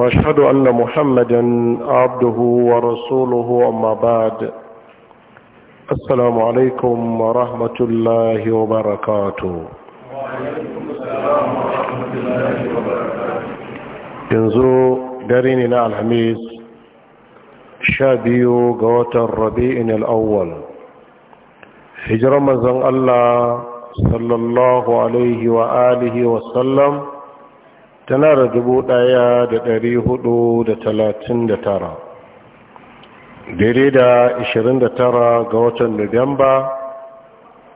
واشهد ان محمدا عبده ورسوله اما بعد السلام عليكم ورحمه الله وبركاته وعليكم السلام ورحمه الله وبركاته ينزو دارين الحميس شابيو قوات الربيع الاول هجر مزن الله صلى الله عليه واله وسلم tana da dubu ɗaya da dari hudu da talatin da tara daidai da ishirin da tara ga watan nobamba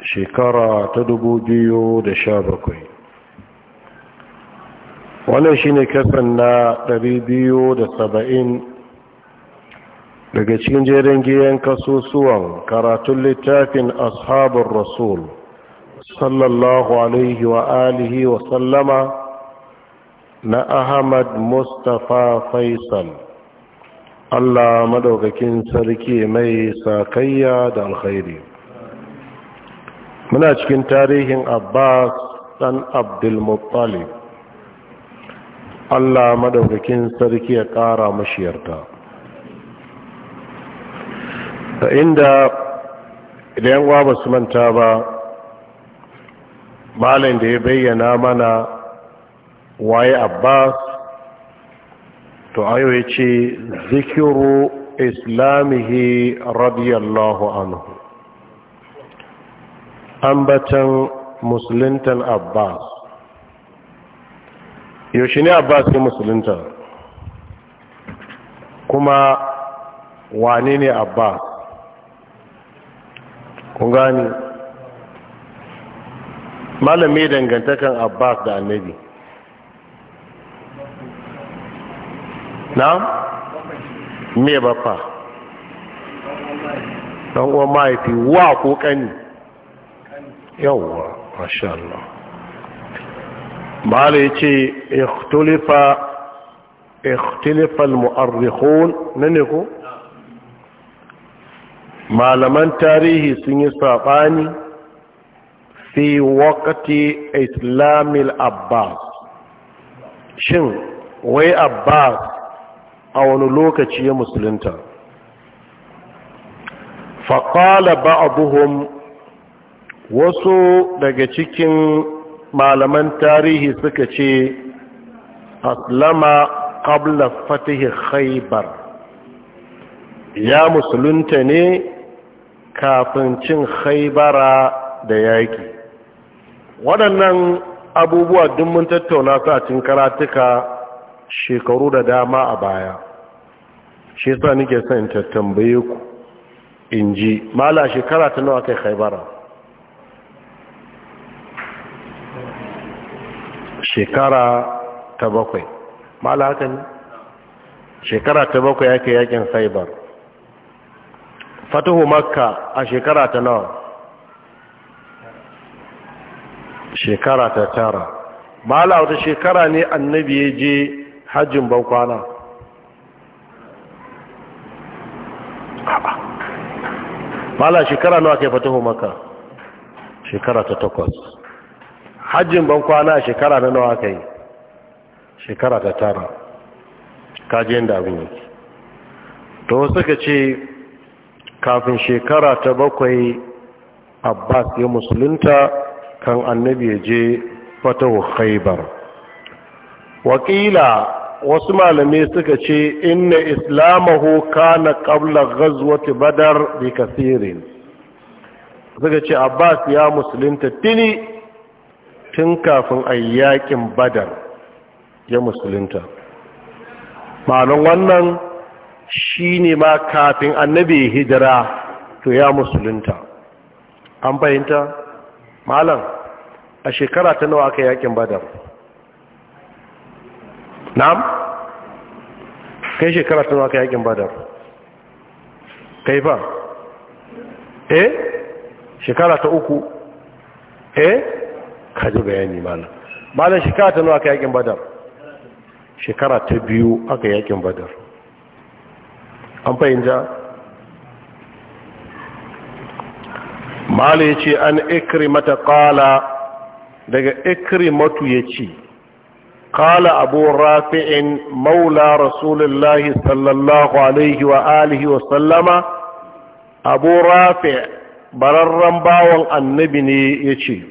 shekara ta dubu biyu da sha bakwai wannan shine kasan na dari biyu da saba'in daga cikin jerin giyan kasusuwan karatun littafin ashabin rasul sallallahu alaihi wa alihi wa sallama na ahmad mustapha faisal allah madaukakin sarki mai sakayya da alkhairi muna cikin tarihin abbas dan abdulmuttalib allah madaukakin sarki ya kara mashiyarta ta inda idan wa basu manta ba malin da ya bayyana mana waye abbas to ayo ya ce zikiru islamihi radiyallahu anhu ambatan musulintan abbas yaushe ne abbas ya musulinta kuma wane ne abbas kun gani malami dangantakan abbas da annabi نعم مي بابا نعم، هو مايتي واقو كان يوا ما شاء الله مالكي اختلف اختلف المؤرخون ننكو ما لم تاريخي سني صاباني في وقت اسلام الاباس شن وي اباس a wani lokaci ya musulunta faƙala buhun wasu daga cikin malaman tarihi suka ce aslama qabla fatihi haibar ya musulunta ne kafin cin haibara da yaƙi. waɗannan abubuwa duk tattauna su a karatuka shekaru da dama a baya shi yasa nike son ta tambaye ku in ji mala shekara ta nawa kai khaybara shekara ta bakwai mala haka ne shekara ta bakwai yake yakin khaybar fatahu makka a shekara ta nawa shekara ta tara mala wata shekara ne annabi ya je hajjin bankwana mala shekara nawa kai fatahu maka shekara ta takwas hajjin ban kwana shekara na nawa kai shekara ta tara kaji inda abin yake to suka ce kafin shekara ta bakwai abbas ya musulunta kan annabi ya je fatahu khaybar wakila wasu malamai suka ce inna islamahu kana qabla ghazwati badar bi kathirin suka ce abbas ya musulunta tini tun kafin ayyakin badar ya musulunta malon wannan shine ma kafin annabi hijira to ya musulunta an fahimta malam a shekara ta nawa aka yakin badar na'am kai shekara ta ka yakin badar kai ba eh shekara ta uku eh ka ji bayani malam malam shekara ta nawa ka yakin badar shekara ta biyu aka yakin badar an fahimta mali ya ce an ikrimata kala daga matu ya ce قال أبو رافع مولى رسول الله صلى الله عليه وآله وسلم أبو رافع بررن باوان النبي يشي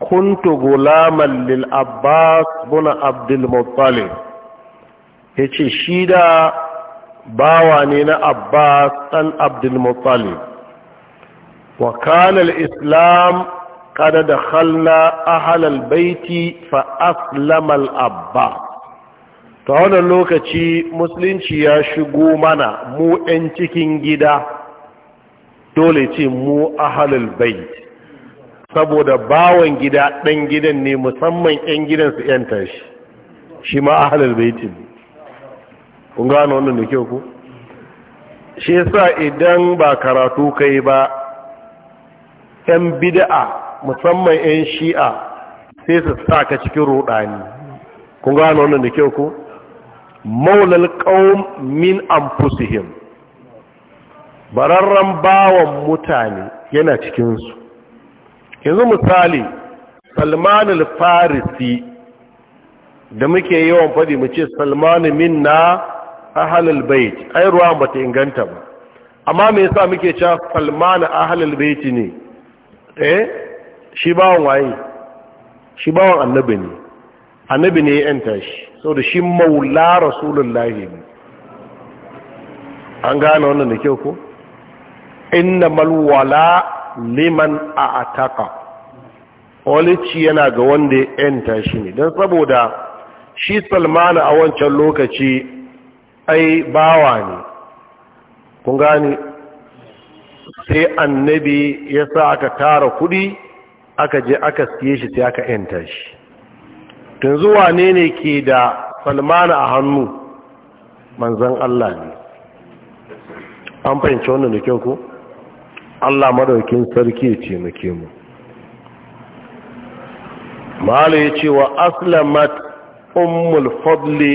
كنت غلاما للعباس بن عبد المطلب yace shi da bawa ne na abbas ɗan abdulmuttalib wa kanal islam kada da khalla ahalal baiti fa aslamal abba ta wannan lokaci musulunci ya shigo mana mu 'yan cikin gida dole ce mu a halal baiti saboda bawan gida ɗan gidan ne musamman 'yan gidan su 'yanta tashi. shi ma halal baiti ne kun gano wannan da kyau ku shi yasa idan ba karatu kai ba 'yan bida'a musamman 'yan shi'a sai su sa ka cikin rudani kun gano wannan da kyau ku? maulal ƙaun min anfusihim Bararren bawan mutane yana cikinsu yanzu misali salman al-farisi da muke yawan faɗi mu ce na halal bai bait ai ba bata inganta ba amma me yasa muke cewa salman bai bait ne eh shi bawan waye shi bawan annabi ne annabi ne ya yanta shi saboda shi maula rasulullahi ne an gane wannan da kyau ko innamal wala liman ataka walici yana ga wanda ya yanta shi ne don saboda shi salmana a wancan lokaci ai bawa ne kun gane sai annabi ya sa aka tara kudi aka je aka siye shi sai aka yanta shi Tun zuwa ne ne ke da salmana a hannu manzan Allah ne an fahimci wannan da kyau ko Allah madaukin sarki ya ce muke mu mala ya ce wa aslamat ummul fadli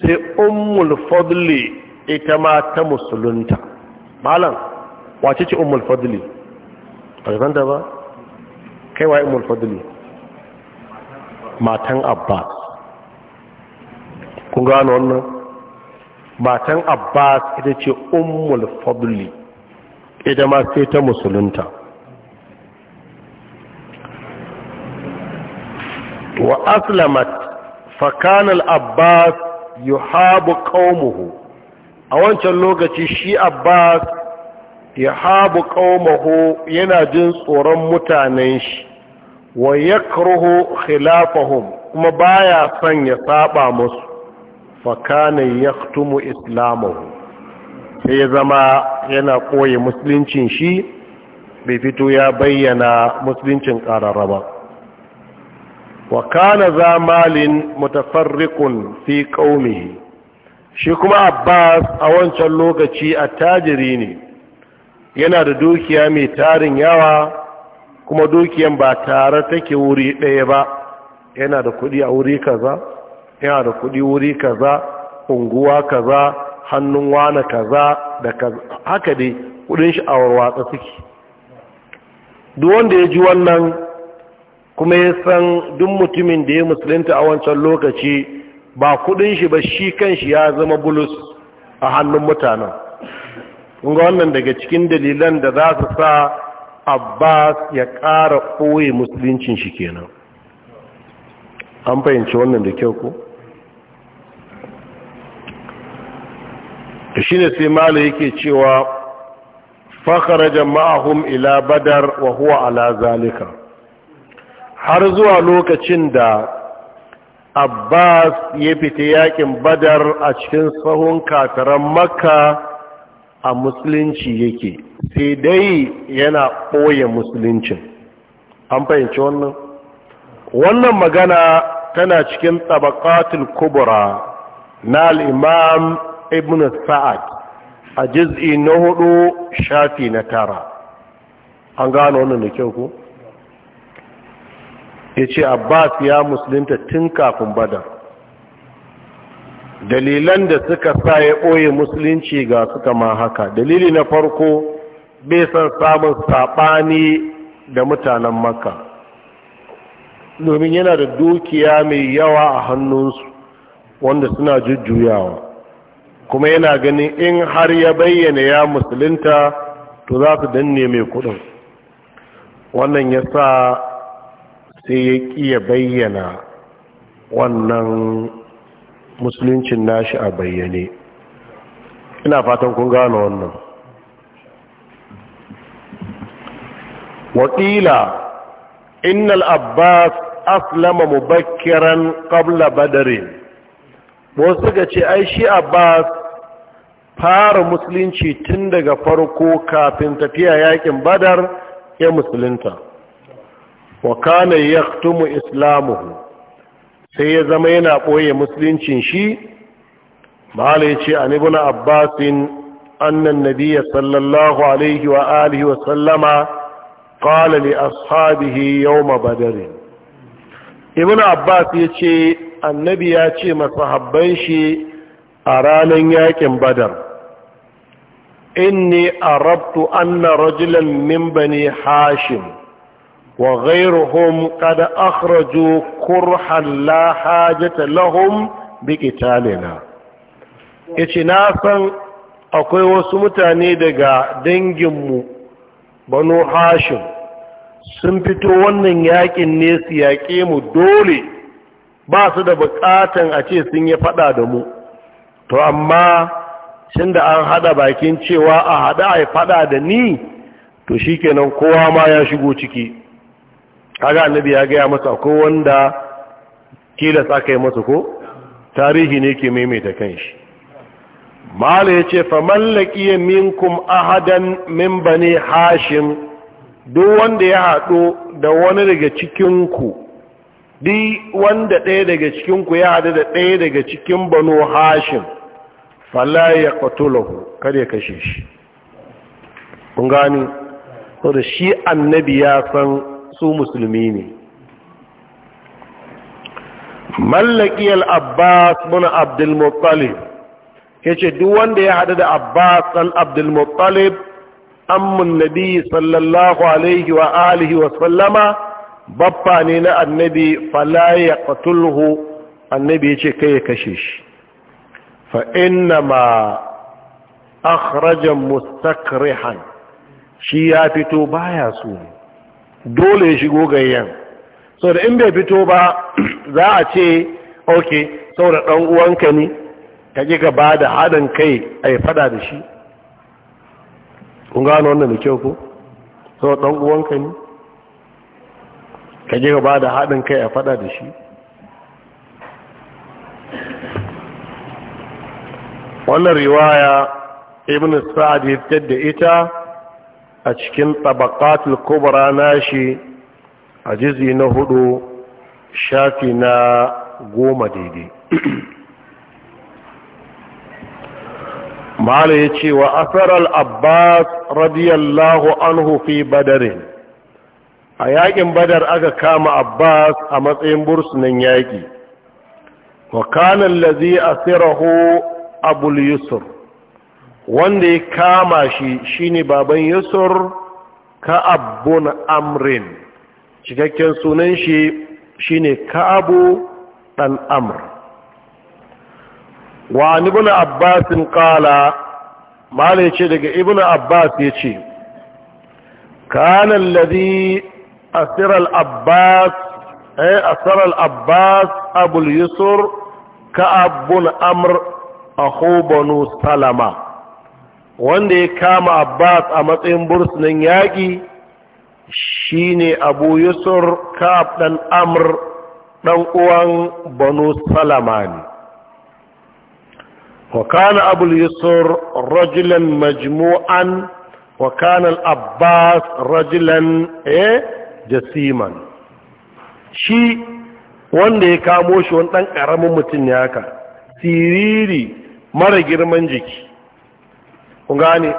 sai ummul fadli ita ma ta musulunta malam wace ce ummul fadli a ba kai wa imul fadli matan abbas kun gano wannan matan abbas ita ce umul fadli ita ma sai ta musulunta wa aslamat fakanal abbas yuhabu qaumuhu a wancan lokaci shi abbas ya habu kaumahu yana jin tsoron mutanen shi wa yakruhu khilafahum kuma baya son ya saba musu fa kana yaktumu islamahu sai ya zama yana koyi musuluncin shi bai fito ya bayyana musuluncin karara ba wa kana za malin mutafarriqun fi qaumihi shi kuma abbas a wancan lokaci attajiri ne yana da dukiya mai tarin yawa kuma dukiyan ba tare take wuri ɗaya ba yana da kuɗi a wuri kaza yana da kuɗi wuri kaza unguwa kaza hannun wane kaza da kaza haka dai kuɗin shi a warwatsa suke duk wanda ya ji wannan kuma ya san duk mutumin da ya musulunta a wancan lokaci ba kuɗin shi ba shi kan shi ya zama bulus a hannun mutanen ga wannan daga cikin dalilan da za su sa abbas ya ƙara ɓoye musuluncin shi kenan an fahimci wannan da kyau ko shi ne sai mala yake cewa fakara jama'ahum ila badar wa huwa ala zalika har zuwa lokacin da abbas ya fita yakin badar a cikin sahun kataran makka a musulunci yake sai dai yana ɓoye musuluncin an fahimci wannan wannan magana tana cikin tabakatul kubra na al'imam ibn sa'ad a jiz'i na hudu shafi na tara an gano wannan da kyau ku ya ce abbas ya musulunta tun kafin badar dalilan da suka sa ya ɓoye musulunci ga suka ma haka dalili na farko bai san samun saɓani da mutanen maka domin yana da dukiya mai yawa a hannunsu wanda suna jujjuyawa kuma yana ganin in har ya bayyana ya musulunta to za su danne mai kudin wannan ya sa sai ya ƙiya bayyana wannan musuluncin nashi a bayyane ina fatan kun gano wannan wakila innal abbas aslama mubakkiran qabla badarin wasu ga ce ai shi abbas fara musulunci tun daga farko kafin tafiya yakin badar ya musulunta wa kana yaktumu islamuhu sai ya zama yana ɓoye musuluncin shi mahala ya ce a Nibin abbasin annan nabiya sallallahu alaihi wa alihi wa sallama qala a ashabihi yawma badr ibn abbas ya ce annabi ya ce masahabban shi a ranar yakin badar inni rabtu anna rajulan min bani hashim وغيرهم قد أخرجوا كرها لا حاجة لهم بقتالنا إتنافا akwai wasu mutane daga danginmu banu hashim sun fito wannan yakin ne su yaƙe mu dole ba su da buƙatan a ce sun yi faɗa da mu to amma shin da an haɗa bakin cewa a haɗa a faɗa da ni to shi kenan kowa ma ya shigo ciki kaga annabi ya gaya masa ko wanda kila tsaka yi masa ko tarihi ne ke maimaita kanshi mala yace ce famallaki minkum ahadan min bani hashim duk wanda ya hado da wani daga cikinku di wanda ɗaya daga cikinku ya hadu da ɗaya daga cikin banu hashim Fala ya ƙatulahu kada ya kashe shi kun gani da shi annabi ya san su musulmi ne mallaki al-abbas bin abdulmuttalib ya ce duk wanda ya haɗu da abbas ɗan abdulmuttalib ammun nabi sallallahu alaihi wa alihi wa sallama baffa ne na annabi fala ya qatulhu annabi ya ce kai ya kashe shi fa inna ma akhraja mustakrihan shi ya fito baya so ne dole ya shigo yan. so da in bai fito ba za a ce ok saboda ɗan uwanka ne ka ƙi gaba da haɗin kai a yi fada da shi kun gano wannan da kyau ko saboda ɗan uwanka ne ka ƙi gaba da haɗin kai a fada da shi wannan riwaya ibn sa'ad ya fitar da ita a cikin tabakatul kubra nashi a jizi na hudu shafi na goma daidai Malam ya ce wa asarar abbas radiyallahu anhu fi badarin a yakin badar aka kama abbas a matsayin bursunan yaki wa kanan lazi asirahu abul yusuf wanda ya kama shi shine baban yusur ka'ab amrin cikakken sunan shi shine ka'abu dan amr wa ibn abbas qala mala ce daga ibn abbas yace kana alladhi asira al-abbas ay eh, asara al-abbas abul yusur amr akhu banu salama wanda ya kama abbas a matsayin bursunan yaƙi shine abu yusur Kaf ɗan Amur, ɗan uwan banu salama ne Abu yusur اليسر majmu'an wa kana abbas رجلا إيه jasiman Shi wanda ya kamo shi wani ɗan ƙaramin mutum ya ka, siriri mara girman jiki ku gane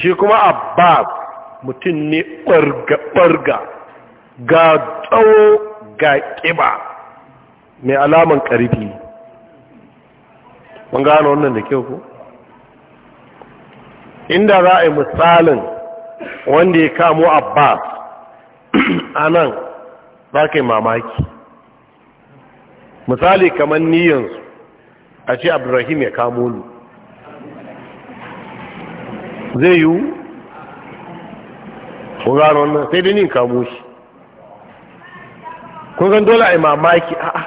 shi kuma abbas mutum ne ɓarga-ɓarga ga tsawo ga ƙiba mai alaman ƙarfi mun gane wannan da kyau ku inda za a yi misalin wanda ya kamo abbas a nan za ka yi mamaki misali kamar niyansu a ce abdurrahim ya kamo ni zai yiwu ku gano wannan sai dai ni kamo shi kun san dole a yi mamaki a'a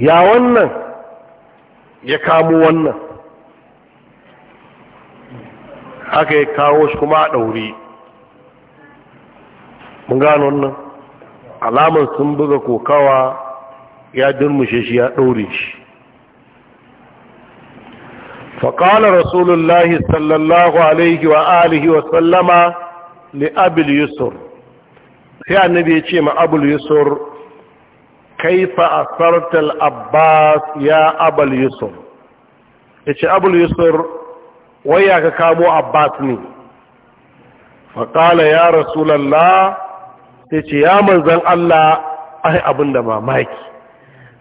ya wannan ya kamo wannan haka yi kawo shi kuma a ɗaure mun gano wannan alamar sun buga kokawa ya durmushe shi ya ɗaure shi فقال رسول الله صلى الله عليه وآله وسلم لأبي اليسر يا النبي يتشيم أبو اليسر كيف أثرت الأباس يا أبا اليسر يتشي أبو اليسر وياك كامو أباسني فقال يا رسول الله يتشي يا منزل الله أهي أبن دمامايكي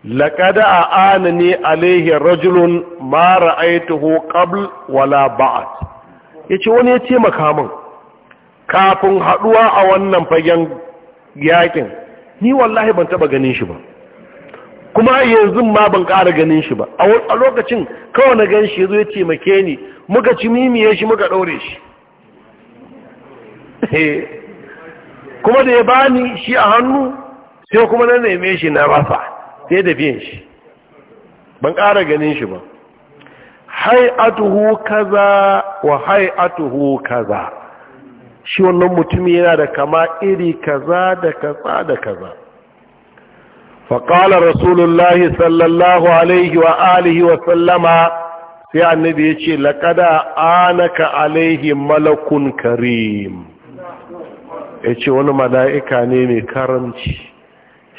Lakada a ne alaihi rajulun mara aituhu ƙabl wala ba'ad ya ce wani ya ce makamun kafin haɗuwa a wannan fagen yakin ni wallahi ban taɓa ganin shi ba kuma yanzu ma ban ƙara ganin shi ba a lokacin kawai na gan shi ya zo ya taimake ni muka ci mimiye shi muka ɗaure shi kuma da ya bani shi a hannu sai kuma na neme shi na rasa sai da biyan shi ban ƙara ganin shi ba hai'atuhu kaza wa hai'atuhu kaza shi wannan mutumi yana da kama iri kaza da kaza da kaza faƙalar rasulullahi sallallahu alaihi wa alihi wa sallama sai annabi ya ce laƙada anaka alaihi malakun karim ya ce wani mala'ika ne mai karamci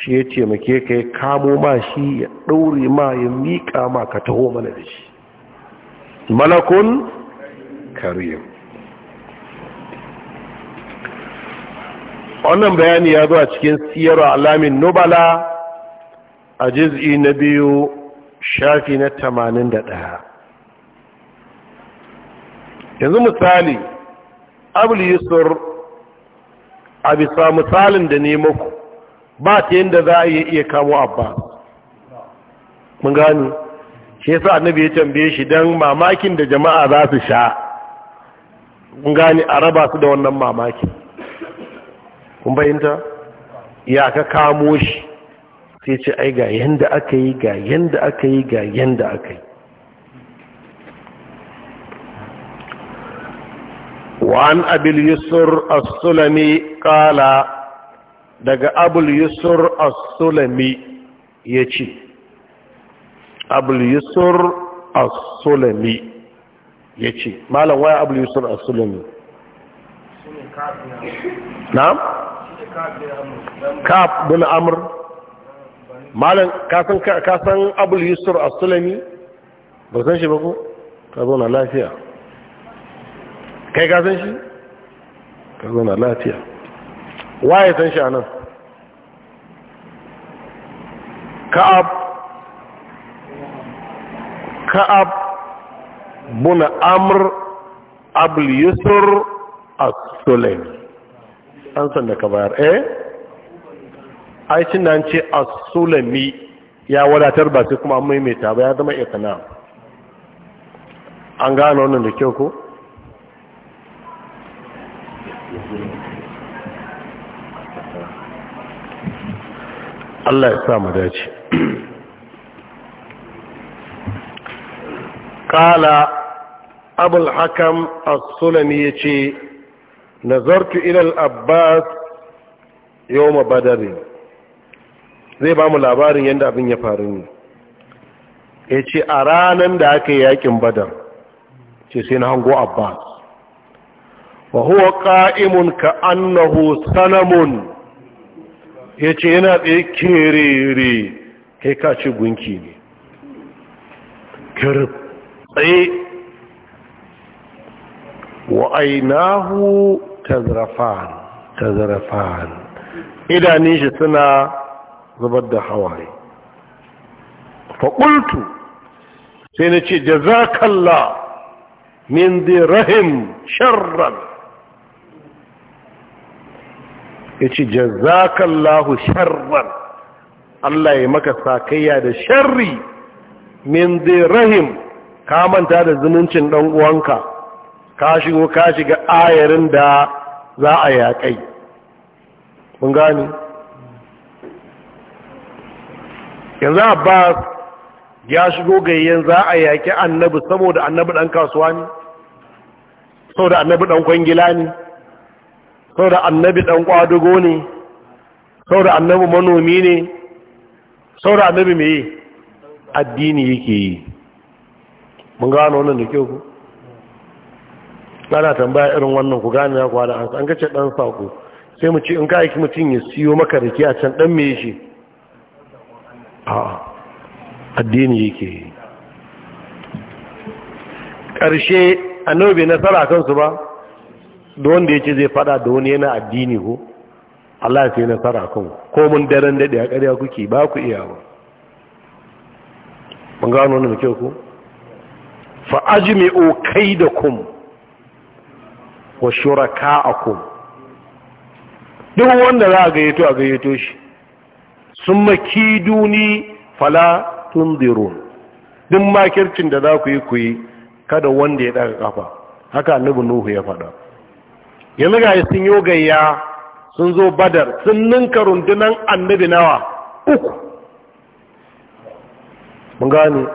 shi ya taimake ka ya kamo ma shi ya ɗaure ma ya miƙa ma ka taho mana da shi malakun kariyar wannan bayani ya zo a cikin siyarwa alamin nubala a jiz'i na biyu shafi na tamanin da ɗaya yanzu misali abu yusur a bisa misalin da ne muku ba ta yadda za a iya kamo abba mun gani shi yasa annabi ya tambaye shi dan mamakin da jama'a za su sha mun gane a raba su da wannan mamakin kun bayinta ya ka kamo shi sai ce ai ga yanda aka yi ga yanda aka yi ga yanda aka yi وعن أبي اليسر الصلمي قال daga abul yusur as-sulami ya ce abul yusur as-sulami ya ce malam waya abul yusur as-sulami na'am kaf bin amr malam kasan kasan abul yusur as-sulami ba san shi ba ko ka zo na lafiya kai ka san shi ka zo na lafiya waye san shi anan ka'ab ka'ab buna amr abul yusur as-sulaimi an san da ka bayar eh ai nan ce as-sulami ya wadatar ba sai kuma an maimaita ba ya zama ikna an gano wannan da kyau ko Allah ya sa mu dace kala abul hakam as-sulami yace nazartu ila al-abbas yawm badr zai ba mu labarin yanda abin ya faru ne yace a ranan da aka yi yakin badar ce sai na hango abbas wa huwa qa'imun ka annahu sanamun ya ce yana tsaye kerere kai ka ce gunki ne kirib tsaye wa ta tazrafan tazrafan Idanin shi suna zubar da hawaye faƙultu sai na ce kalla min zirahim sharran ya ce jazakallahu sharran Allah ya maka sakayya da sharri min rahim ka manta da zumuncin ɗan uwanka ka shigo ka shiga ayarin da za a yaƙai mun gani yanzu abbas ya shigo gayyen za a yaƙi annabi saboda annabi ɗan kasuwa ne saboda annabi ɗan kwangila ne saboda annabi ɗan ƙwadugo ne saboda annabi manomi ne saboda annabi mai addini yake yi mun gano wannan da kyau ku ana tambaya irin wannan ku gane ya kwada an an gace ɗan sako sai mu ce in ka aiki mutum ya siyo maka rake a can ɗan mai shi a addini yake yi ƙarshe annabi bai nasara kansu ba da wanda ya ce zai fada da wani yana addini ko Allah sai nasara kan ko mun daren daɗe a ƙarya kuke ba ku iya ba ban gano wannan da kyau o kai da kaidakum wa shuraka a shuraka'akum duk wanda za a gayyato a gayyato shi sun duni fala tun zero duk makircin da za ku yi ku yi kada wanda ya ɗaga kafa haka annabi nuhu ya faɗa yanzu ga sun yi gayya sun zo badar sun ninka rundunan annabi nawa uku mun gani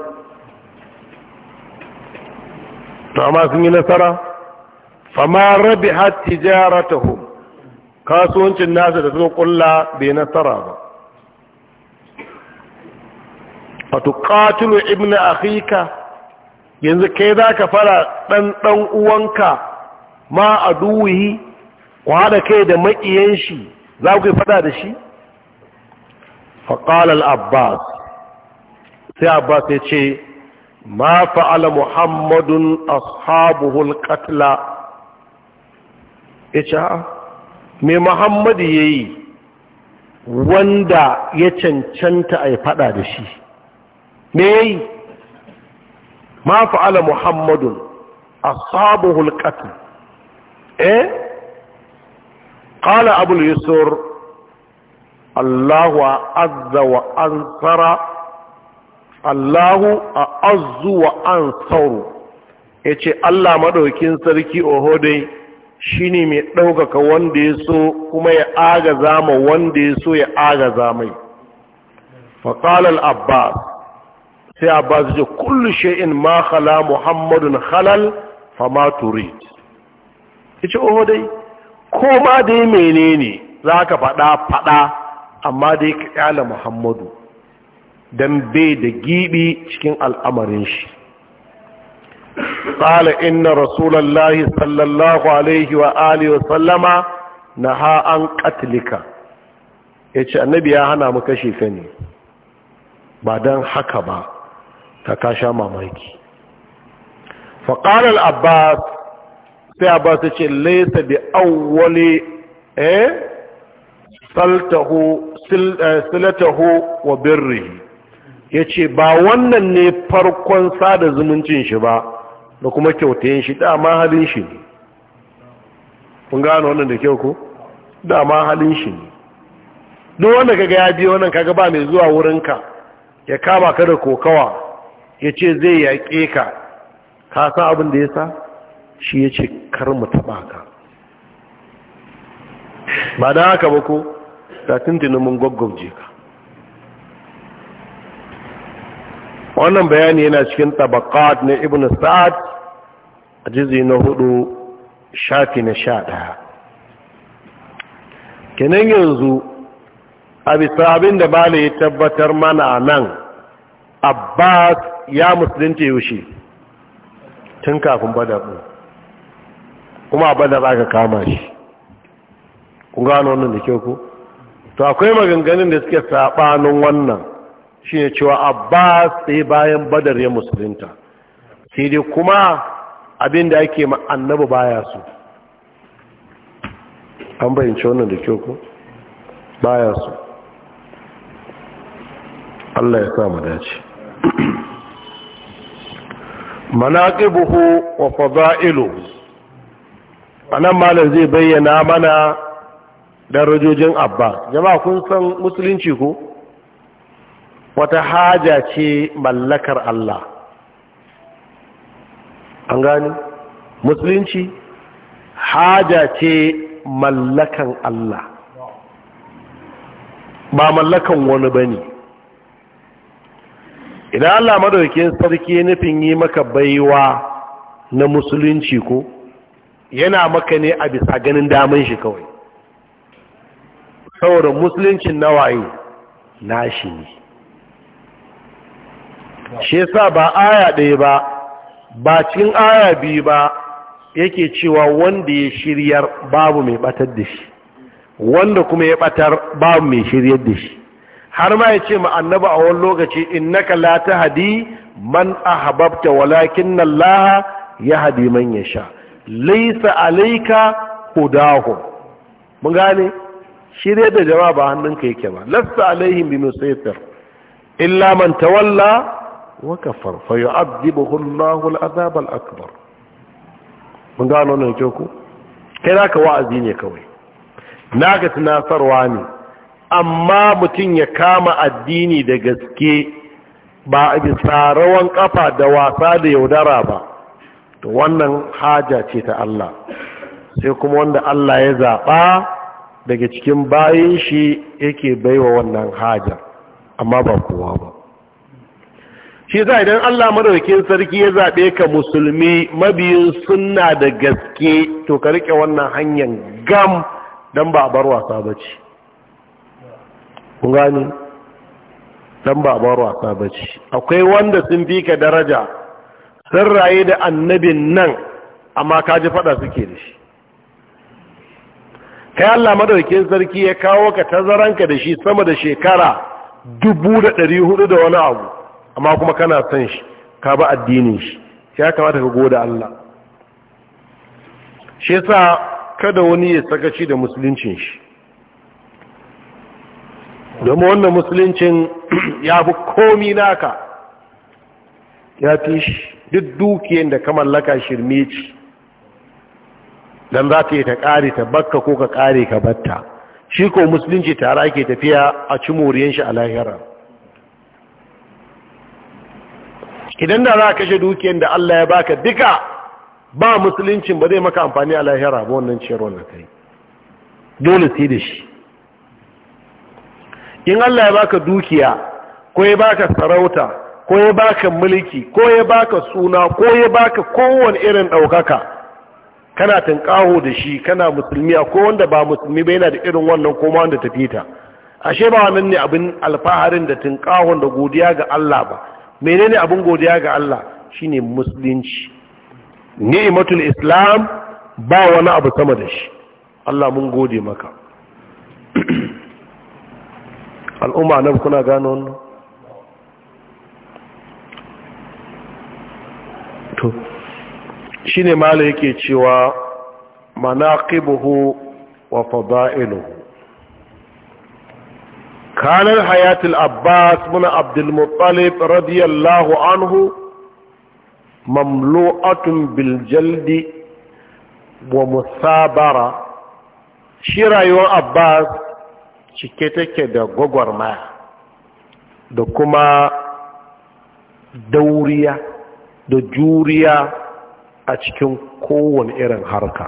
to amma sun yi nasara fama rabi tijaratahum kasuwancin nasu da suka kulla bai nasara ba a tukatulu ibn akhika yanzu kai za ka fara ɗan ɗan uwanka ma a aduwihi ku haɗa kai da maƙiyan shi za ku yi faɗa da shi faƙalar abbas sai abbas ya ce ma fa'ala muhammadun ashabuhul katla ya ce ha me muhammadu ya yi wanda ya cancanta a yi faɗa da shi me ya yi ma fa'ala muhammadun ashabuhul katla eh qala abu yusur allahu azza wa ansara allahu azu wa ya yace allah madaukin sarki oho dai shine mai ɗaukaka wanda ya so kuma ya agaza zama wanda ya so ya agaza mai faƙalar abbas sai abbas ce kullu sha'in ma khala muhammadun halal fama turid ya ce oho dai ko ma dai menene za ka faɗa faɗa amma dai ka ƙyala muhammadu don bai da giɓi cikin al'amarin shi ƙala inna rasulallahi sallallahu alaihi wa alihi wa sallama na ha an ƙatilika ya ce annabi ya hana mu kashe ka ne ba don haka ba ta kasha mamaki faƙalar abbas sai abbas ya ce laisa bi awwali eh saltahu eh, silatahu wa birrihi yace ba wannan ne farkon sada zumuncin shi ba da kuma kyautayen shi dama halin shi ne kun gano wannan da kyau ko dama halin shi ne duk wanda kaga ya biyo wannan kaga ba mai zuwa wurinka ya kama ka da kokawa yace zai yaƙe ka ka san abin da yasa shi ya ce kar mu taɓa ka ba da haka ba ko ta tuntuni mun gwaggwaje ka wannan bayani yana cikin tabakat na ibn sa'ad a jizi na hudu shafi na sha ɗaya kenan yanzu a bisa abin da bala ya tabbatar mana a nan abbas ya musulunta yaushe tun kafin badabu kuma abin da za ka kama shi kun gano wannan da kyau ku? to akwai maganganun da suke saɓanin wannan shi ne cewa abbas sai bayan badar ya musulunta sai dai kuma abin da ake Annabu baya su an bayyance wannan da kyau ku? baya su Allah ya sa dace manaqibuhu wa fada'iluhu a nan malam zai bayyana mana darajojin abba jama'a kun san musulunci ko wata haja ce mallakar Allah an gani musulunci haja ce mallakan Allah ba mallakan wani ba ne idan Allah madaukin sarki nufin yi maka baiwa na musulunci ko yana maka ne a bisa ganin daman shi kawai saboda musuluncin nawaye nashi ne shi yasa ba aya ɗaya ba ba cikin aya biyu ba yake cewa wanda ya shiryar babu mai batar da shi wanda kuma ya batar babu mai shiryar da shi har ma ya ce ma annaba a wani lokaci in naka la hadi man hababta walakin laha ya hadi man sha. laisa alaika hudahu mun gane shirye da jama'a ba hannunka yake ba lasta alaihim bi musaytir illa man tawalla wa kafar fa yu'adhibuhu Allahu al al'akbar mun gano ne ke ku kai zaka wa'azi ne kawai naka tunasarwa ne amma mutum ya kama addini da gaske ba a bisa rawan kafa da wasa da yaudara ba to wannan haja ce ta Allah sai kuma wanda Allah ya zaɓa daga cikin bayan shi yake baiwa wannan haja amma ba kowa ba shi za idan Allah madaukin sarki ya zaɓe ka musulmi mabiyin sunna da gaske to ka riƙe wannan hanyar gam don ba a bar wasa ba ce gani don ba a bar wasa ba ce akwai wanda sun fi ka daraja sun raye da annabin nan amma ka ji fada suke da shi kai Allah madaukin sarki ya kawo ka tazaranka da shi sama da shekara dubu da ɗari hudu da wani abu amma kuma kana son shi ka ba addinin shi ya kamata ka goda Allah shi sa kada wani ya sakaci da musuluncin shi domin wannan musuluncin ya fi komi naka ya fi duk dukiyar da kamar laka shirme ci don za ta yi ta ƙare ta bakka ko ka ƙare ka batta shi ko musulunci tare ake tafiya a ci moriyan shi a lahira idan da za a kashe dukiyar da Allah ya baka duka ba musuluncin ba zai maka amfani a lahira ba wannan ciyarwar da kai dole sai da shi in Allah ya baka dukiya ko ya baka sarauta ko ya baka mulki ko ya baka suna ko ya baka kowane irin ɗaukaka kana tunƙaho da shi kana musulmi a ko wanda ba musulmi ba yana da irin wannan koma wanda tafi ta ashe ba wannan ne abin alfaharin da tunƙahon da godiya ga Allah ba menene abin godiya ga Allah shine musulunci ni'matul islam ba wani abu sama da shi Allah mun gode maka al'umma nan kuna gano wannan to shi ne mala yake cewa manaƙibuhu wa fada'iluhu kanar hayatul abbas muna abdulmuttalib radiyallahu anhu mamlu'atun biljaldi wa musabara shi rayuwar abbas cike take da gwagwarmaya da kuma dauriya da juriya a cikin kowane irin harka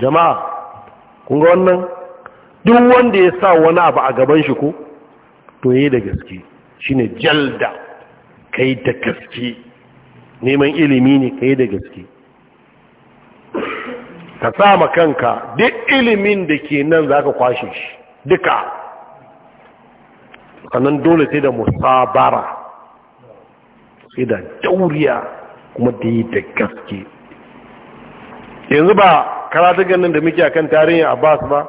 jama'a kun wannan duk wanda ya sa wani abu a gaban shi ko to yi da gaske shine jalda kai da gaske neman ilimi ne Ka yi da gaske ka sama kanka duk ilimin da ke nan za ka kwashe shi duka kanan dole sai da musabara sai da dauriya kuma da yi da gaske yanzu ba karatun ganin da muke akan tarihin abbas ba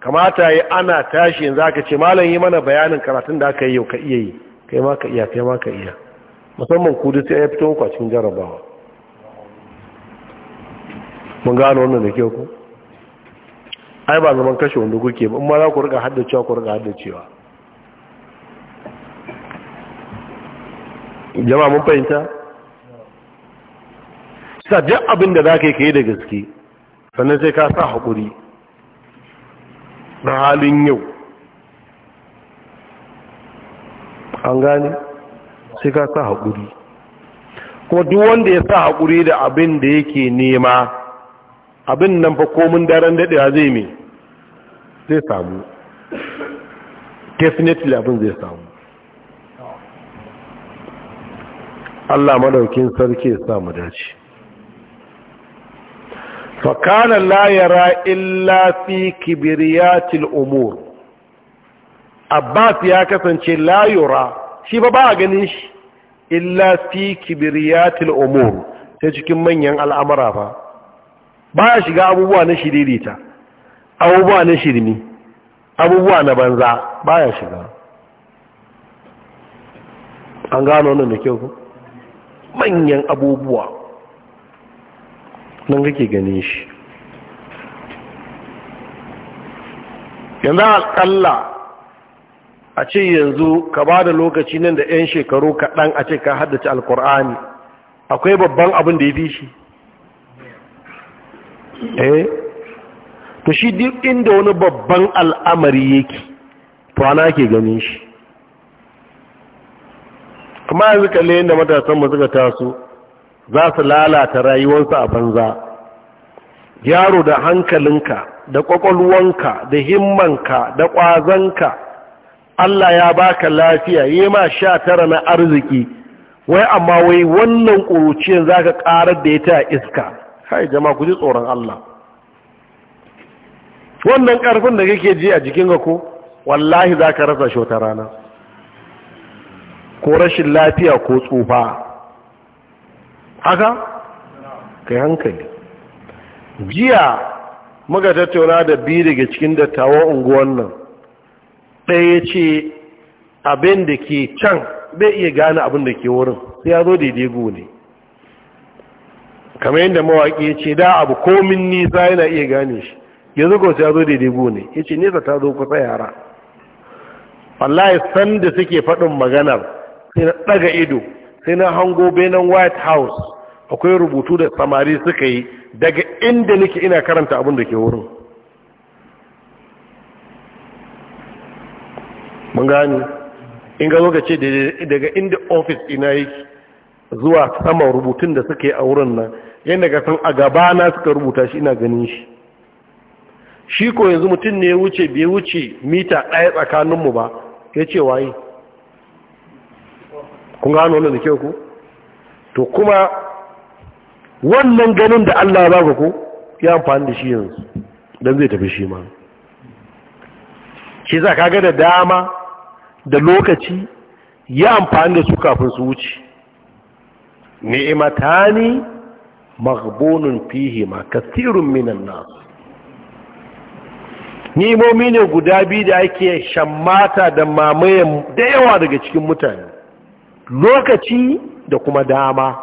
kamata yi ana tashi yanzu aka ce malam yi mana bayanin karatun da aka yi yau ka iya yi kai ma ka iya kai ma ka iya musamman kudu sai ya fito cikin jarabawa mun gano wannan da kyau ku ai ba zaman kashe wanda kuke ba ma za ku riga haddacewa ku riga haddacewa jama'a mun fahimta sa duk abin da za yi da gaske sannan sai ka sa haƙuri na halin yau an gane sai ka sa haƙuri kuma duk wanda ya sa haƙuri da abin da yake nema abin nan fa komin daren daɗewa zai mai zai samu definitely abin zai samu Allah madaukin sarki ya sa mu dace fa kana la yara illa fi kibriyatil umur Abbas ya kasance la yura shi ba ba ganin shi illa fi kibriyatil umur sai cikin manyan al'amara fa Ba ya shiga abubuwa na shiririta abubuwa na shirmi abubuwa na banza ba ya shiga an gano nan da kyau manyan abubuwa nan kake ganin shi yanzu akalla a ce yanzu ka ba da lokaci nan da 'yan shekaru kaɗan a ce ka haddace alkur'ani akwai babban abin da ya fi shi eh to shi duk inda wani babban al'amari yake to ana ke ganin shi kuma yanzu kalle yadda matasan mu suka taso za su lalata rayuwarsu a banza yaro da hankalinka da kwakwalwanka da himmanka da ƙwazanka Allah ya baka lafiya yi ma sha tara na arziki wai amma wai wannan ƙuruciyar za ka ƙarar da ya ta iska hai jama ku ji tsoron Allah wannan ƙarfin da kake ji a jikin ko wallahi za ka rasa shi wata rana ko rashin lafiya ko tsufa haka kai hankali jiya muka tattauna da biyu daga cikin dattawan unguwan nan ɗaya ya ce abin da ke can bai iya gane abin da ke wurin sai ya zo daidai ne. kamar yadda mawaƙi ce da abu komin nisa yana iya gane shi yanzu kawai ya zo daidai ne. ya ce nesa ta zo kusa yara wallahi san da suke faɗin maganar sai na ɗaga ido sai na hango benin white house akwai rubutu da samari suka yi daga inda nake ina karanta abin da ke wurin mun gani in ga lokaci daga inda ofis ina yi zuwa sama rubutun da suka yi a wurin nan yadda ga san a gaba na suka rubuta shi ina ganin shi shi ko yanzu mutum ne ya wuce bai wuce mita ɗaya tsakaninmu ba ya ce waye kun gano wannan da kyau ku to kuma wannan ganin da Allah ya baka ku ya amfani da shi yanzu dan zai tafi shi ma shi za ka ga da dama da lokaci ya amfani da su kafin su wuce ni'imatani maghbunun fihi ma kathirun minan nas ni'imomi ne guda biyu da ake shammata da mamayen da yawa daga cikin mutane lokaci da kuma dama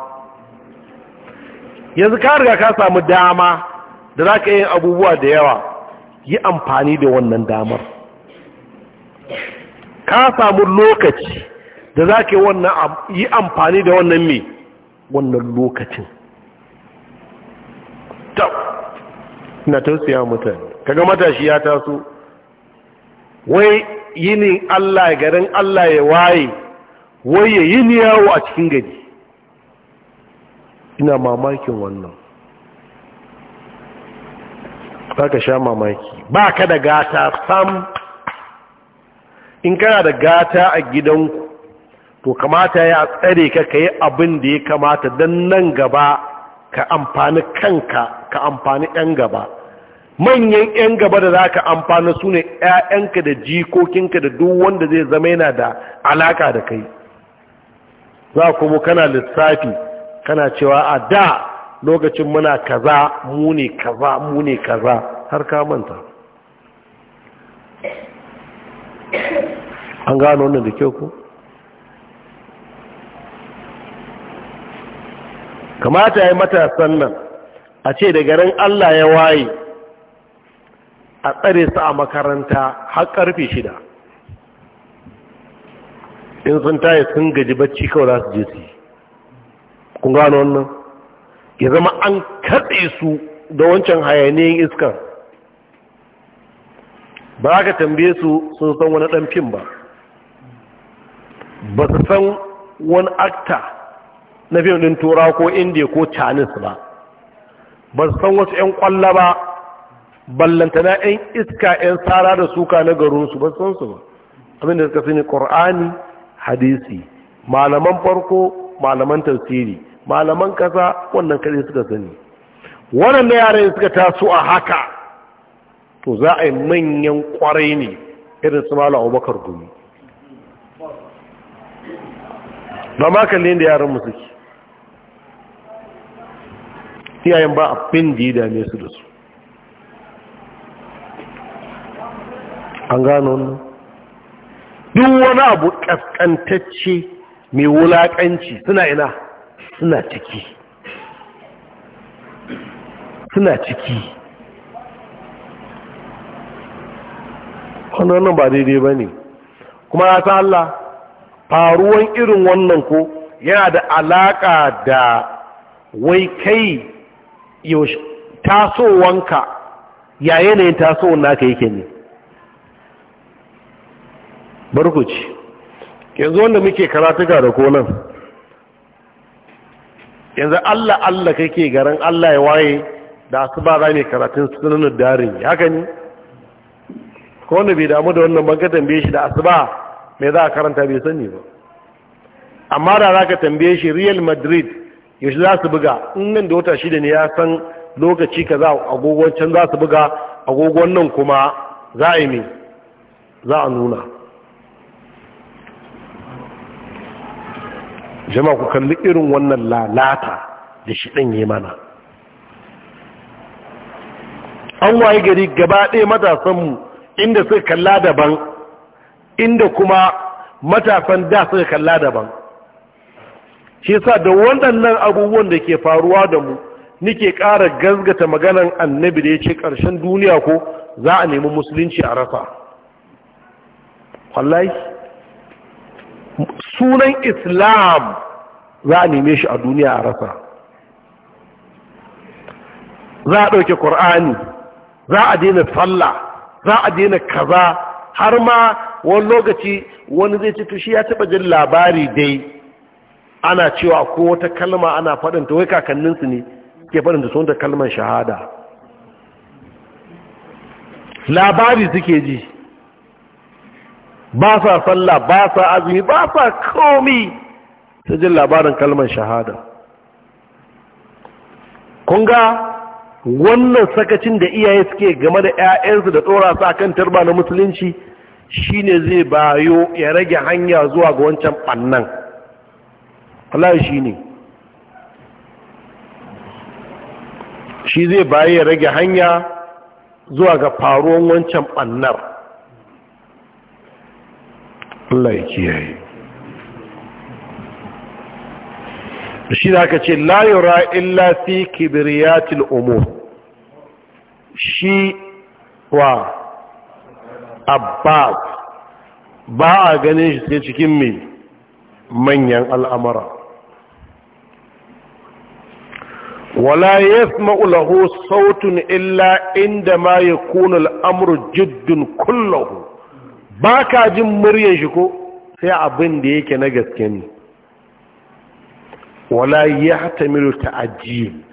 yanzu ka riga ka samu dama da za ka yi abubuwa da yawa yi amfani da wannan damar ka samu lokaci da za ka yi amfani da wannan mai wannan lokacin na tausaya mutane kaga matashi ya taso wai yinin allah garin allah ya waye wai ya yawo a cikin gari ina mamakin wannan za ka sha mamaki ba ka da gata sam in kana da gata a gidanku to kamata ya tsare ka ka yi abin da ya kamata don nan gaba ka amfani kanka ka amfani 'yan gaba manyan 'yan gaba da za ka amfani su ne 'ya'yanka da jikokinka da duk wanda zai zama yana da alaka da kai za kuma kana lissafi kana cewa a da lokacin muna kaza mu kaza mu kaza har ka manta an gano wannan da kyau ko kamata ya yi matasan nan a ce da garin Allah ya waye a tsare su a makaranta har karfe shida in sun taye sun gaji bacci kawai za su je su yi kun gano wannan ya zama an katse su da wancan hayaniyin iskar ba ka tambaye su sun san wani dan fim ba ba su san wani akta na fim din tura ko indiya ko chinese ba ba su san wasu 'yan kwalla ba ballantana 'yan iska 'yan tsara da suka na garinsu ba su san su ba abinda suka sani ƙor'ani hadisi malaman farko malaman tafsiri malaman kasa wannan kare suka sani waɗanda yaran suka taso a haka to za a yi manyan kwarai ne irin su malamu abubakar gumi ba ma da yaran musuki iyayen ba fin da ya dame su da su an gano wannan duk wani abu ƙasƙantacce mai wulaƙanci suna ina suna ciki suna ciki wannan ba daidai ba ne kuma ya san Allah faruwan irin wannan ko yana da alaƙa da wai kai tasowanka ya yanayin tasowar naka yake ne barkuci yanzu wanda muke karatuka da konan yanzu allah allah kake garin allah ya waye da su ba za mai karatun sunan darin ya gani ko wanda bai damu da wannan banka tambaye shi da asuba mai za a karanta bai sani ba amma da za ka tambaye shi real madrid yaushe za su buga in nan da wata shida ne ya san lokaci ka za agogon can za su buga agogon nan kuma za a yi mai za a nuna jama'a ku kalli irin wannan lalata da shi ɗan yi mana an waye gari gaba ɗaya matasanmu inda suka kalla daban inda kuma matasan da suka kalla daban shi sa da waɗannan abubuwan da ke faruwa da mu nike ƙara gazgata maganan annabi da ya ce ƙarshen duniya ko za a nemi musulunci a rasa wallahi sunan islam za a neme shi a duniya a rasa za a ɗauke ƙor'ani za a daina sallah za a daina kaza har ma wani lokaci wani zai ci tushi ya taɓa jin labari dai ana cewa ko wata kalma ana faɗinta wai kakanninsu ne ke faɗinta sun ta kalmar shahada labari suke ji ba sa sallah ba sa azumi ba sa komi ta jin labarin kalmar shahada kun ga wannan sakacin da iyaye suke game da 'ya'yansu da tsora su akan tarba na musulunci shine zai bayo ya rage hanya zuwa ga wancan bannan Allah shi ne shi zai bayo ya rage hanya zuwa ga faruwan wancan bannar Allah ya kiyaye shi da aka ce layura yura illa fi kibriyatil umur shi wa abbas ba a ganin shi sai cikin mai manyan al'amara wala yasma'u lahu sautun illa inda ma yakunu al'amru jiddun kullahu ba ka jin muryan shi ko sai abin da yake na gaske ne wala ya tamilu ta kun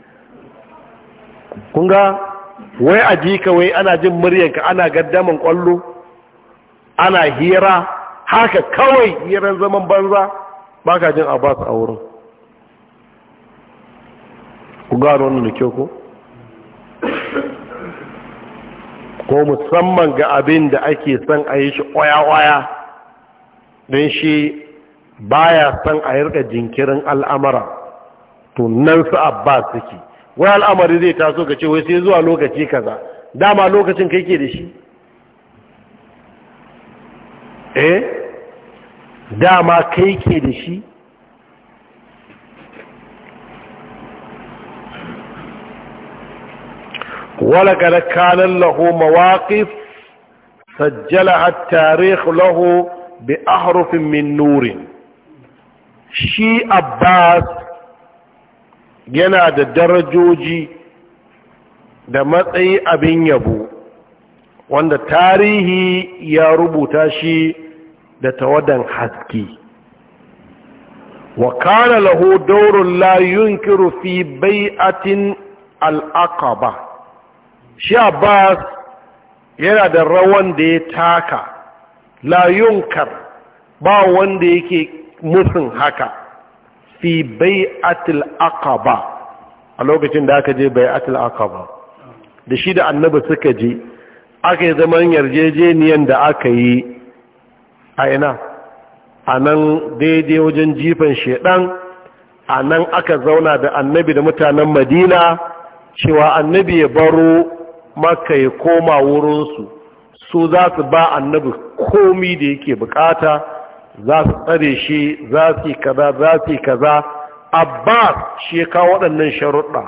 Kunga wai aji ka wai ana jin muryarka, ana gaddaman kwallo ana hira haka kawai hiran zaman banza ba ka jin abbas a wurin ku gano wani da kyau ko ko musamman ga abin da ake son a yi shi ƙwaya-ƙwaya don shi baya son a yarka jinkirin al'amara to nan su abba suke wai al'amari zai taso ka ce wai sai zuwa lokaci kaza dama lokacin ka ke da shi eh dama kai ke da shi ولقد كان له مواقف سجلها التاريخ له بأحرف من نور شي عباس ينا دا درجوجي دا مطعي ابن يبو وند تاريخي يا ربو تاشي دا تودن حزكي وكان له دور لا ينكر في بيئة الأقبة shi abbas yana da rawan da ya taka layunkar ba wanda yake musun haka fi bai bai'atul ba a lokacin da aka je bai bai'atul aqaba da shi da annabi suka je aka yi zaman yarjejeniyan da aka yi a ina a nan daidai wajen jifan shedan a nan aka zauna da annabi da mutanen madina cewa annabi ya baro maka ya koma wurinsu su za su ba annabi komi da yake bukata za su tsare shi za su yi kaza za su yi kaza abbas shi ya kawo waɗannan sharuɗa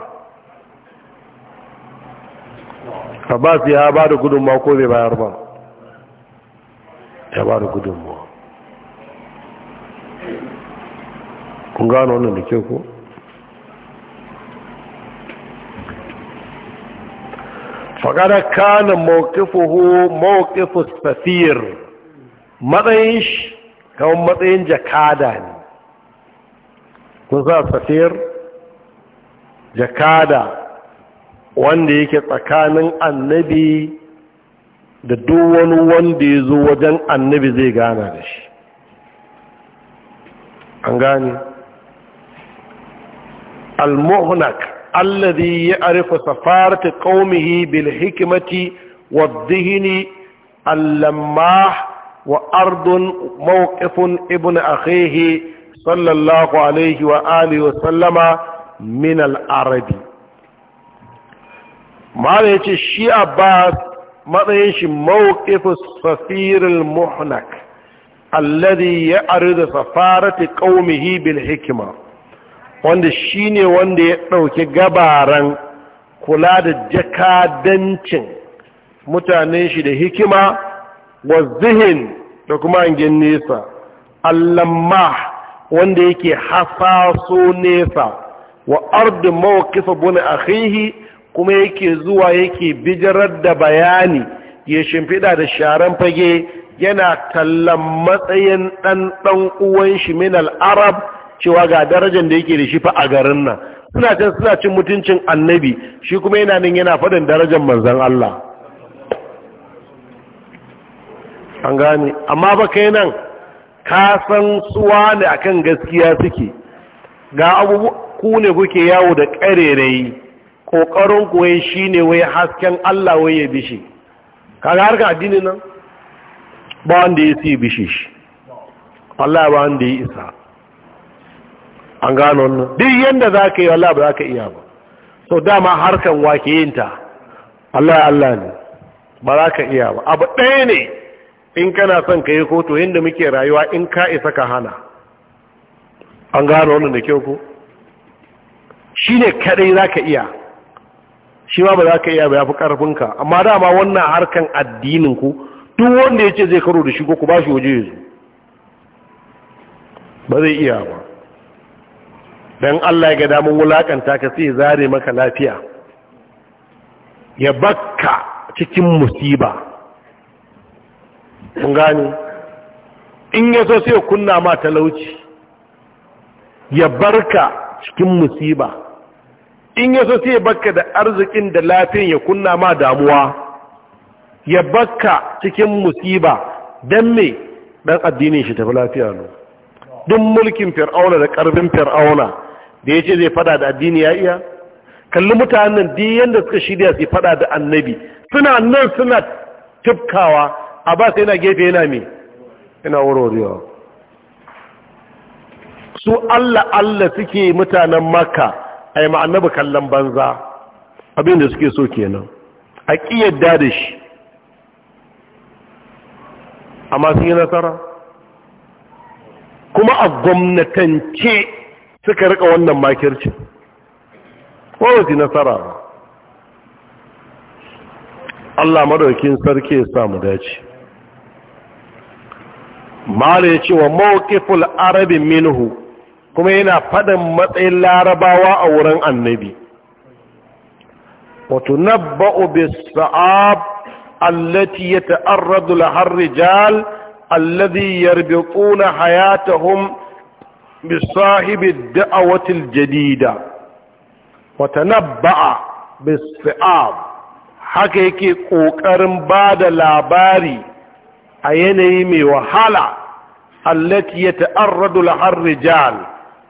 abbas ya ba da gudunmawa ko zai bayar ba ya ba da gudunmawa kun gano wannan da ke kuwa faƙada kana mawkifuhu mawkifu safir matsayin shi kawon matsayin jakada ne kun sa safir jakada wanda yake tsakanin annabi da duwani wanda ya zo wajen annabi zai gana da shi an gane al Almuhnak. الذي يعرف سفارة قومه بالحكمة والذهن اللماح وأرض موقف ابن أخيه صلى الله عليه وآله وسلم من الأرض ما رأيك الشيء بعد ما رأيك موقف السفير المحنك الذي يعرض سفارة قومه بالحكمة wanda shi ne wanda ya ɗauki gabaran kula da jakadancin mutanen shi da hikima wa zihin da kuma angin nesa allamma wanda yake hasaso nesa wa ardu mawqifa bun akhihi kuma yake zuwa yake bijirar da bayani ya shimfiɗa da sharan fage yana kallon matsayin ɗan ɗan uwan shi min al'arab arab cewa ga darajar da yake da shi fa a garin nan suna can suna cin mutuncin annabi shi kuma yana nan yana faɗin darajar manzan Allah an gane amma ba kai nan ka san suwa ne akan gaskiya suke ga abubu ku ne kuke yawo da ƙarerayi ƙoƙarin ku shi ne wai hasken Allah wai ya bishi kaga harka addini nan ba wanda ya bishi shi Allah ba wanda ya isa an gano wannan duk yadda za ka yi Allah ba za ka iya ba so dama harkan wake yinta Allah ya Allah ne ba za ka iya ba abu ɗaya ne in kana son ka yi koto yadda muke rayuwa in ka isa ka hana an gano wannan da kyau ko shi ne kadai za ka iya shi ma ba za ka iya ba ya fi ƙarfinka amma dama wannan harkan addinin ku duk wanda ya ce zai karo da shi ko ku ba shi waje ya zo ba zai iya ba don Allah ga damun wulakanta ka sai zare maka lafiya ya bakka cikin musiba kun gani. in ya so sai kunna ma talauci ya barka cikin musiba in ya so sai bakka da arzikin da lafiyan ya kunna ma damuwa ya bakka cikin musiba don me dan addinin shi tafi lafiya no duk mulkin fir'auna da ƙarfin fir'auna da ya ce zai fada da addini ya iya kalli mutanen duk yadda suka shirya su fada da annabi suna nan suna tufkawa a ba sai yana gefe yana mai, yana warwarewa su allah allah suke mutanen makka a yi ma'annabi kallon banza abinda suke so kenan a ƙiyar da shi amma sun yi nasara kuma a gwamnatance suka rika wannan makircin kowace nasara ba Allah madaukin sarki ya samu dace mala ya ce wa mawqiful arabi minhu kuma yana faɗan matsayin larabawa a wurin annabi wato nabba'u bis sa'ab allati yata'arradu lahar rijal alladhi yarbiquna hayatahum بصاحب الدعوة الجديدة وتنبأ بالصعاب haka yake ƙoƙarin ba da labari a yanayi mai wahala allati ya ta'arradu lahar rijal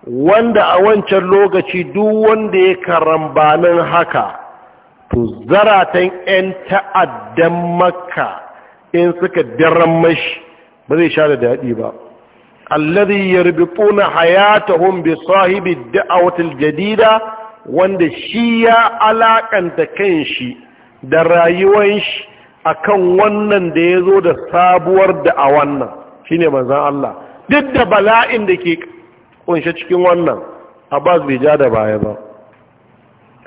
wanda a wancan lokaci duk wanda ya karambanin haka to zaratan 'yan ta'addan makka in suka daren mashi ba zai sha da daɗi ba alladhi yarbituna hayatahum bi sahibi da'awatil jadida wanda shi ya alakanta kanshi da rayuwar shi akan wannan da ya zo da sabuwar da a wannan shine manzon Allah duk da bala'in da ke kunshe cikin wannan Abbas bai ja da baya ba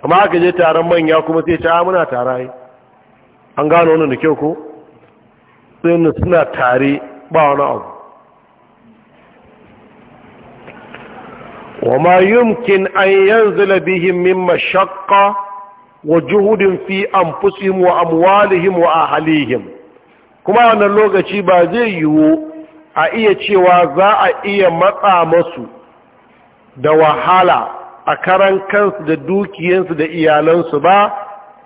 amma aka je taron manya kuma sai ta muna tare an gano wannan da kyau ko sai suna tare ba wani abu وما يمكن أن ينزل بهم من مشقة وجهود في أنفسهم وأموالهم وأهليهم كما أن اللغة تبا زيه أئية شوازاء أئية مطامس دوحالة أكران كنس دوك ينس دإيالنس با